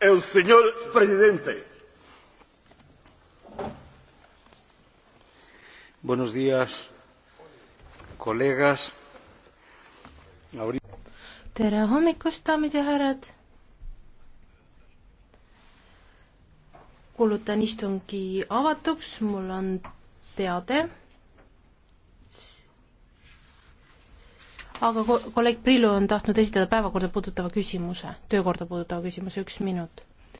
el señor presidente. Buenos días, colegas. tere hommikust, daamid ja härrad. kuulutan istungi avatuks, mul on teade aga kolleeg Prillu on tahtnud esitada päevakorda puudutava küsimuse, töökorda puudutava küsimuse, üks minut